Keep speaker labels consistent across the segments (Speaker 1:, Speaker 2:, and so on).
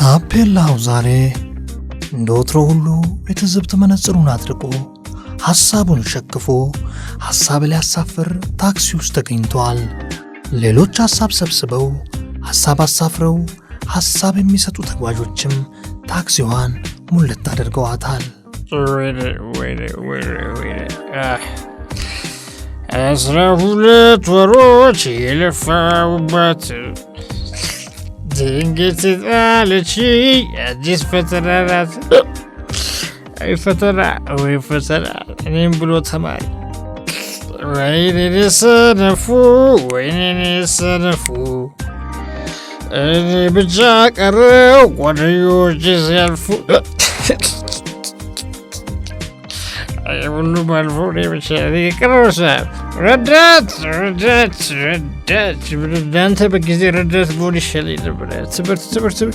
Speaker 1: ታፔላው ዛሬ እንደ ወትሮ ሁሉ የትዝብት መነጽሩን አድርጎ ሐሳቡን ሸክፎ ሐሳብ ሊያሳፍር ታክሲ ውስጥ ተገኝቷል። ሌሎች ሐሳብ ሰብስበው ሐሳብ አሳፍረው ሐሳብ የሚሰጡ ተጓዦችም ታክሲዋን ሙለት አድርገዋታል። አስራ ሁለት ወሮች የለፋውባት تنقتلشي عنديش فترات أي فترة أي فترة أنا نقول تمام وين نصنفو وين نصنفو أنا بجاك أروق وأنا يوجز يلفو يقول له ملفوني مش هذيك الروسة ردات ردات ردات انت بكزي ردات بولي الشديد بلاد صبر صبر صبر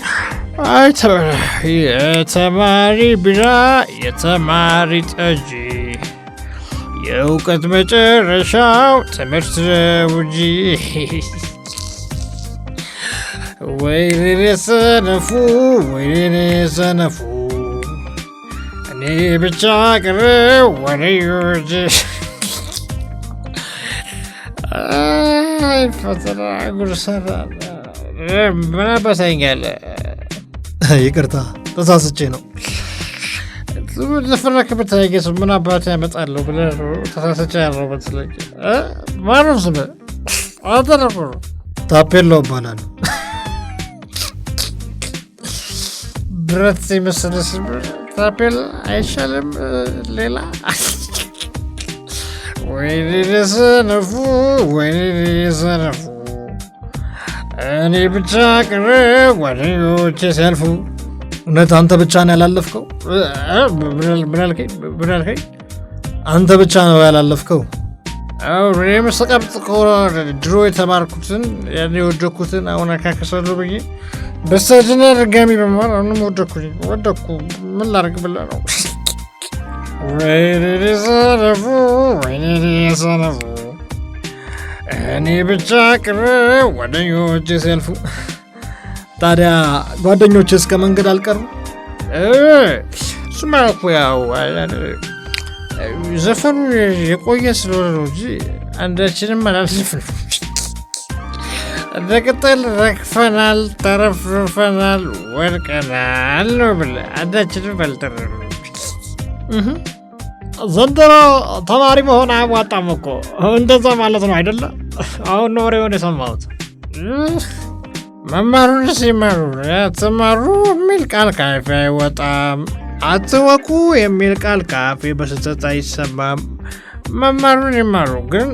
Speaker 1: اي تمام يا تماري بلا يا تماري تأجي يا وقت مجرشاو تمرت وجي ويلي سنفو ويلي سنفو እኔ ብቻ ቅር ወደ ዩጅ ፈተና ጉርሰራ ምን አባሳኛል።
Speaker 2: ይቅርታ ተሳስቼ ነው።
Speaker 1: ዘፈረክበት ታይገስ ምን አባት ያመጣለሁ ብለህ ተሳስቼ ያለው መሰለኝ። ማነው ስምህ? አንተ ነበር።
Speaker 2: ታፔላው እባላለሁ።
Speaker 1: ብረት የመሰለ ስም አቤል አይሻልም ሌላ ወይኔ ደሰነፉ ወይኔ ደሰነፉ እኔ ብቻ ቅር ጓደኞቼ ሲያልፉ።
Speaker 2: እውነት አንተ ብቻ ነው ያላለፍከው?
Speaker 1: ምን uh, አልከኝ?
Speaker 2: አንተ ብቻ ነው ያላለፍከው?
Speaker 1: እኔም ስቀብጥ ድሮ የተማርኩትን ያን የወደኩትን አሁን አካክሳለሁ ብዬ በስተጅና ድጋሚ በመሆን አሁንም ወደኩኝ ወደኩ። ምን ላርግ ብለ ነው። ወይኔ ሰነፉ፣ ወይኔ ሰነፉ፣ እኔ ብቻ ቅር ጓደኞች ሲያልፉ።
Speaker 2: ታዲያ ጓደኞች እስከ መንገድ አልቀሩ።
Speaker 1: እሱማ እኮ ያው ዘፈኑ የቆየ ስለሆነ ነው እንጂ አንዳችንም አላልፍ ነው ቅጠል ረግፈናል፣ ተረፍርፈናል፣ ወድቀናል ነው ብለህ አንዳችንም አልተረፍንም።
Speaker 2: ዘንድሮ ተማሪ መሆን አያዋጣም እኮ እንደዛ ማለት ነው አይደለ? አሁን ነው ወሬውን የሰማሁት።
Speaker 1: መማሩን ሲመሩ ያትማሩ የሚል ቃል ካፌ አይወጣም። አትወቁ የሚል ቃል ካፌ በስህተት አይሰማም። መማሩን ይማሩ ግን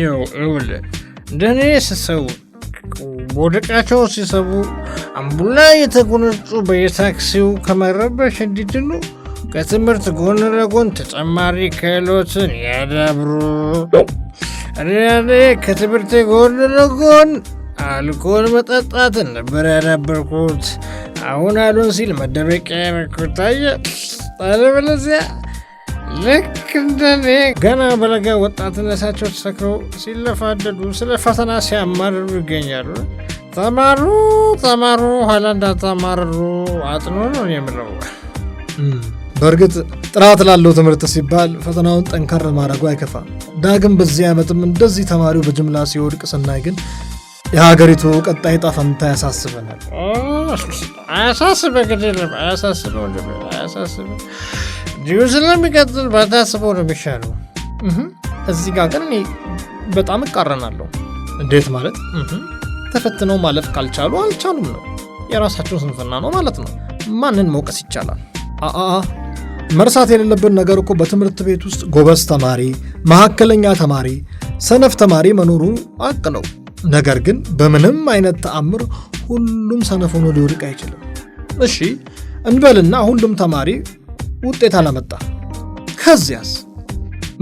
Speaker 1: ይኸው እንደኔ ስሰው ወደቃቸው ሲሰቡ አምቡላ የተጎነጩ በየታክሲው ከመረበሽ እንዲድኑ ከትምህርት ጎን ለጎን ተጨማሪ ክህሎትን ያዳብሩ። እኔ ከትምህርት ጎን ለጎን አልኮል መጠጣትን ነበር ያዳበርኩት። አሁን አሉን ሲል መደበቂያ መኮታየ ጠለበለዚያ ልክ እንደኔ ገና በለጋ ወጣትነታቸው ተሰክረው ሲለፋደዱ ስለ ፈተና ሲያማርሩ ይገኛሉ። ተማሩ ተማሩ፣ ኋላ እንዳታማርሩ አጥኖ ነው የምለው።
Speaker 2: በእርግጥ ጥራት ላለው ትምህርት ሲባል ፈተናውን ጠንከር ማድረጉ አይከፋም። ዳግም በዚህ ዓመትም እንደዚህ ተማሪው በጅምላ ሲወድቅ ስናይ ግን የሀገሪቱ ቀጣይ ዕጣ ፈንታ ያሳስበናል።
Speaker 1: አያሳስበ ግድ አያሳስበ አያሳስበ ዲዩዝልን ቢቀጥል በታስበው ነው የሚሻለው።
Speaker 2: እዚህ ጋር ግን እኔ በጣም እቃረናለሁ። እንዴት ማለት ተፈትነው ማለፍ ካልቻሉ አልቻሉም ነው የራሳቸውን ስንፍና ነው ማለት ነው። ማንን መውቀስ ይቻላል? መርሳት የሌለብን ነገር እኮ በትምህርት ቤት ውስጥ ጎበዝ ተማሪ፣ መካከለኛ ተማሪ፣ ሰነፍ ተማሪ መኖሩ አቅ ነው። ነገር ግን በምንም አይነት ተአምር ሁሉም ሰነፍ ሆኖ ሊወድቅ አይችልም። እሺ እንበልና ሁሉም ተማሪ ውጤት አላመጣ። ከዚያስ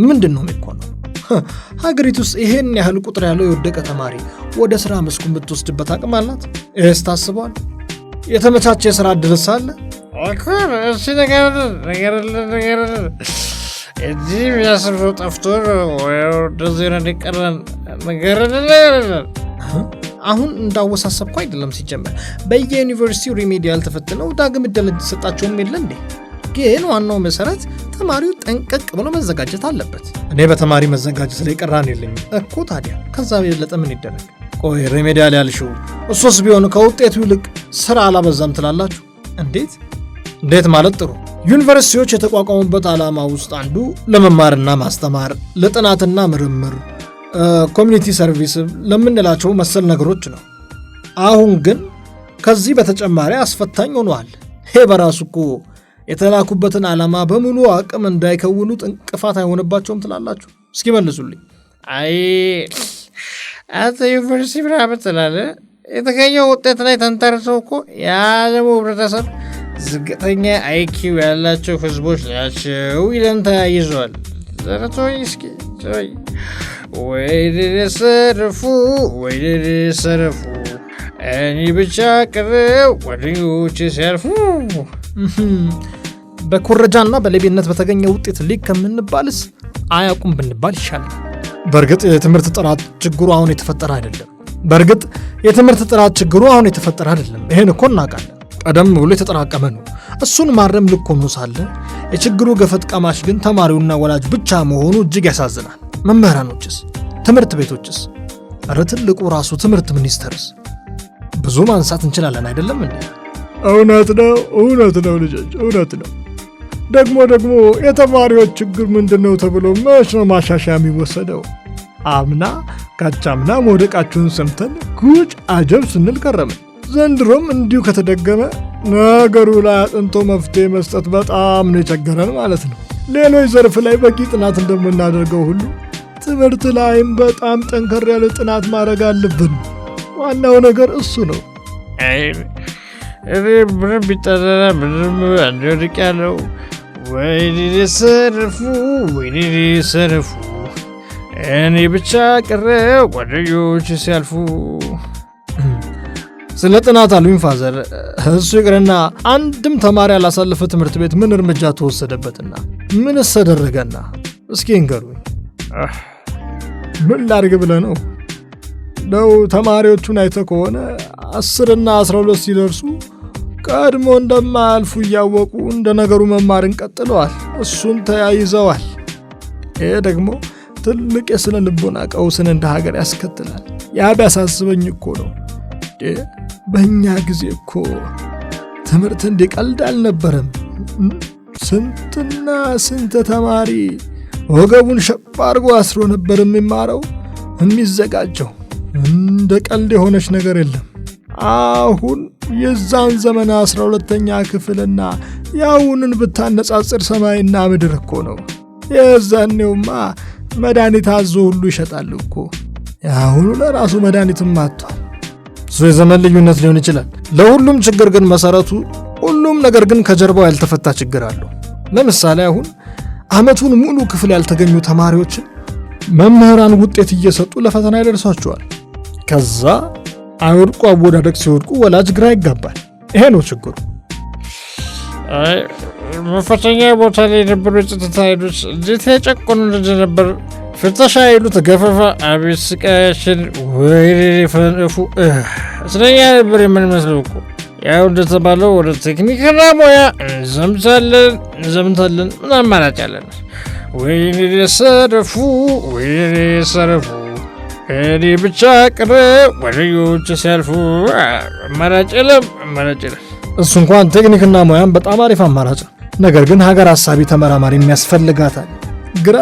Speaker 2: ምንድን ነው የሚኮነው? ሀገሪቱ ውስጥ ይሄን ያህል ቁጥር ያለው የወደቀ ተማሪ ወደ ስራ መስኩ የምትወስድበት አቅም አላት? ይህስ ታስቧል? የተመቻቸ የሥራ ዕድል ሳለ
Speaker 1: እጅ የሚያስበው ጠፍቶ ወደዚህ እንዲቀረን
Speaker 2: አሁን እንዳወሳሰብኩ አይደለም። ሲጀመር በየዩኒቨርሲቲው ሪሜዲያል ተፈትነው ዳግም እድል ሰጣቸውም የለ እንዴ? ግን ዋናው መሰረት ተማሪው ጠንቀቅ ብሎ መዘጋጀት አለበት። እኔ በተማሪ መዘጋጀት ላይ ቀራን የለኝ እኮ ታዲያ ከዛ የበለጠ ምን ይደረግ? ቆይ ሬሜዲያል ያልሽው እሱስ ቢሆን ከውጤቱ ይልቅ ስራ አላበዛም ትላላችሁ? እንዴት እንዴት ማለት ጥሩ ዩኒቨርሲቲዎች የተቋቋሙበት ዓላማ ውስጥ አንዱ ለመማርና ማስተማር፣ ለጥናትና ምርምር፣ ኮሚኒቲ ሰርቪስ ለምንላቸው መሰል ነገሮች ነው። አሁን ግን ከዚህ በተጨማሪ አስፈታኝ ሆነዋል። ይሄ በራሱ እኮ የተላኩበትን ዓላማ በሙሉ አቅም እንዳይከውኑት እንቅፋት አይሆንባቸውም ትላላችሁ? እስኪ መልሱልኝ።
Speaker 1: አይ አንተ ዩኒቨርሲቲ ምናምን ትላለህ። የተገኘው ውጤት ላይ ተንተርሶ እኮ የዓለሙ ህብረተሰብ ዝቅተኛ አይኪው ያላቸው ህዝቦች ናቸው ይለን ተያይዘዋል። ዘረቶይ እስኪ ወይኔ ሰረፉ፣ ወይኔ ሰረፉ፣ እኔ ብቻ ቅርብ ጓደኞች ሲያርፉ!
Speaker 2: ና በሌቤነት በተገኘ ውጤት ሊግ ከምንባልስ አያቁም ብንባል ይሻላል። በእርግጥ የትምህርት ጥራት ችግሩ አሁን የተፈጠረ አይደለም። በእርግጥ የትምህርት ጥራት ችግሩ አሁን የተፈጠረ አይደለም። ይህን እኮ እናውቃለን። ቀደም ብሎ የተጠራቀመ ነው። እሱን ማረም ልክ ሆኖ ሳለ የችግሩ ገፈት ቀማሽ ግን ተማሪውና ወላጅ ብቻ መሆኑ እጅግ ያሳዝናል። መምህራኖችስ? ትምህርት ቤቶችስ? እረ ትልቁ ራሱ ትምህርት ሚኒስቴርስ? ብዙ ማንሳት እንችላለን አይደለም እንዴ?
Speaker 1: እውነት ነው፣ እውነት ነው ልጆች፣ እውነት ነው። ደግሞ ደግሞ የተማሪዎች ችግር ምንድን ነው ተብሎ መች ነው ማሻሻያ የሚወሰደው? አምና ካቻምና መውደቃችሁን ሰምተን ጉጭ አጀብ ስንል ቀረምን። ዘንድሮም እንዲሁ ከተደገመ ነገሩ ላይ አጥንቶ መፍትሄ መስጠት በጣም ነው የቸገረን ማለት ነው። ሌሎች ዘርፍ ላይ በቂ ጥናት እንደምናደርገው ሁሉ ትምህርት ላይም በጣም ጠንከር ያለ ጥናት ማድረግ አለብን። ዋናው ነገር እሱ ነው። እኔ ቢጠረና ምንም ያለው ወይኔ ሰርፉ ወይኔ ሰርፉ እኔ ብቻ ቀረው ጓደኞች ሲያልፉ።
Speaker 2: ስለ ጥናት አሉኝ ፋዘር። እሱ ይቅርና አንድም ተማሪ ያላሳለፈ ትምህርት ቤት ምን እርምጃ ተወሰደበትና ምንስ ተደረገና እስኪ እንገሩኝ።
Speaker 1: ምን ላድርግ ብለ ነው? ነው ተማሪዎቹን አይተህ ከሆነ አስርና አስራ ሁለት ሲደርሱ ቀድሞ እንደማያልፉ እያወቁ እንደ ነገሩ መማርን ቀጥለዋል። እሱን ተያይዘዋል። ይህ ደግሞ ትልቅ የስነ ልቦና ቀውስን እንደ ሀገር ያስከትላል። ያ ቢያሳስበኝ እኮ ነው። በእኛ ጊዜ እኮ ትምህርት እንደ ቀልድ አልነበረም። ስንትና ስንት ተማሪ ወገቡን ሸባ አድርጎ አስሮ ነበር የሚማረው የሚዘጋጀው። እንደ ቀልድ የሆነች ነገር የለም አሁን የዛን ዘመን አስራ ሁለተኛ ክፍልና የአሁኑን ብታነጻጽር ሰማይና ምድር እኮ ነው። የዛኔውማ መድኃኒት አዞ ሁሉ ይሸጣል እኮ የአሁኑ ለራሱ መድኃኒትም አጥቷል።
Speaker 2: እሱ የዘመን ልዩነት ሊሆን ይችላል። ለሁሉም ችግር ግን መሰረቱ ሁሉም ነገር ግን ከጀርባው ያልተፈታ ችግር አለው። ለምሳሌ አሁን አመቱን ሙሉ ክፍል ያልተገኙ ተማሪዎችን መምህራን ውጤት እየሰጡ ለፈተና ይደርሷቸዋል። ከዛ አይወድቁ አወዳደቅ ሲወድቁ ወላጅ ግራ ይጋባል። ይሄ ነው ችግሩ።
Speaker 1: መፈተኛ ቦታ ላይ የነበሩ የጸጥታ ኃይሎች እንዴት የጨቆኑ ልጅ ነበር። ፍተሻ ኃይሉ ተገፈፈ። አቤት ስቃያችን ወይ ፈነፉ። ስለኛ ነበር የምንመስለው እኮ ያው እንደተባለው ወደ ቴክኒክና ሙያ እንዘምታለን እንዘምታለን ምናምን አማራጭ አለን። ወይኔ ሰረፉ፣ ወይኔ ሰረፉ እኔ ብቻ ቅር ወደዮች ሲያልፉ አማራጭ የለም አማራጭ የለም።
Speaker 2: እሱ እንኳን ቴክኒክና ሙያም በጣም አሪፍ አማራጭ ነው። ነገር ግን ሀገር ሀሳቢ ተመራማሪ የሚያስፈልጋታል። ግራ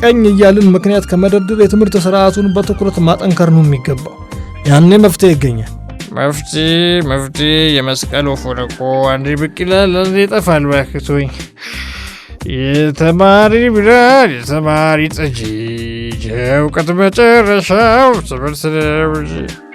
Speaker 2: ቀኝ እያልን ምክንያት ከመደርደር የትምህርት ስርዓቱን በትኩረት ማጠንከር ነው የሚገባው። ያኔ መፍትሄ ይገኛል።
Speaker 1: መፍትሄ መፍትሄ የመስቀል ወፍ እኮ አንዴ ብቅ ይላል፣ አንዴ ይጠፋል። ባክቶኝ የተማሪ ብላል የተማሪ ጠጅ Дівка тебе терещав, це персеревжі.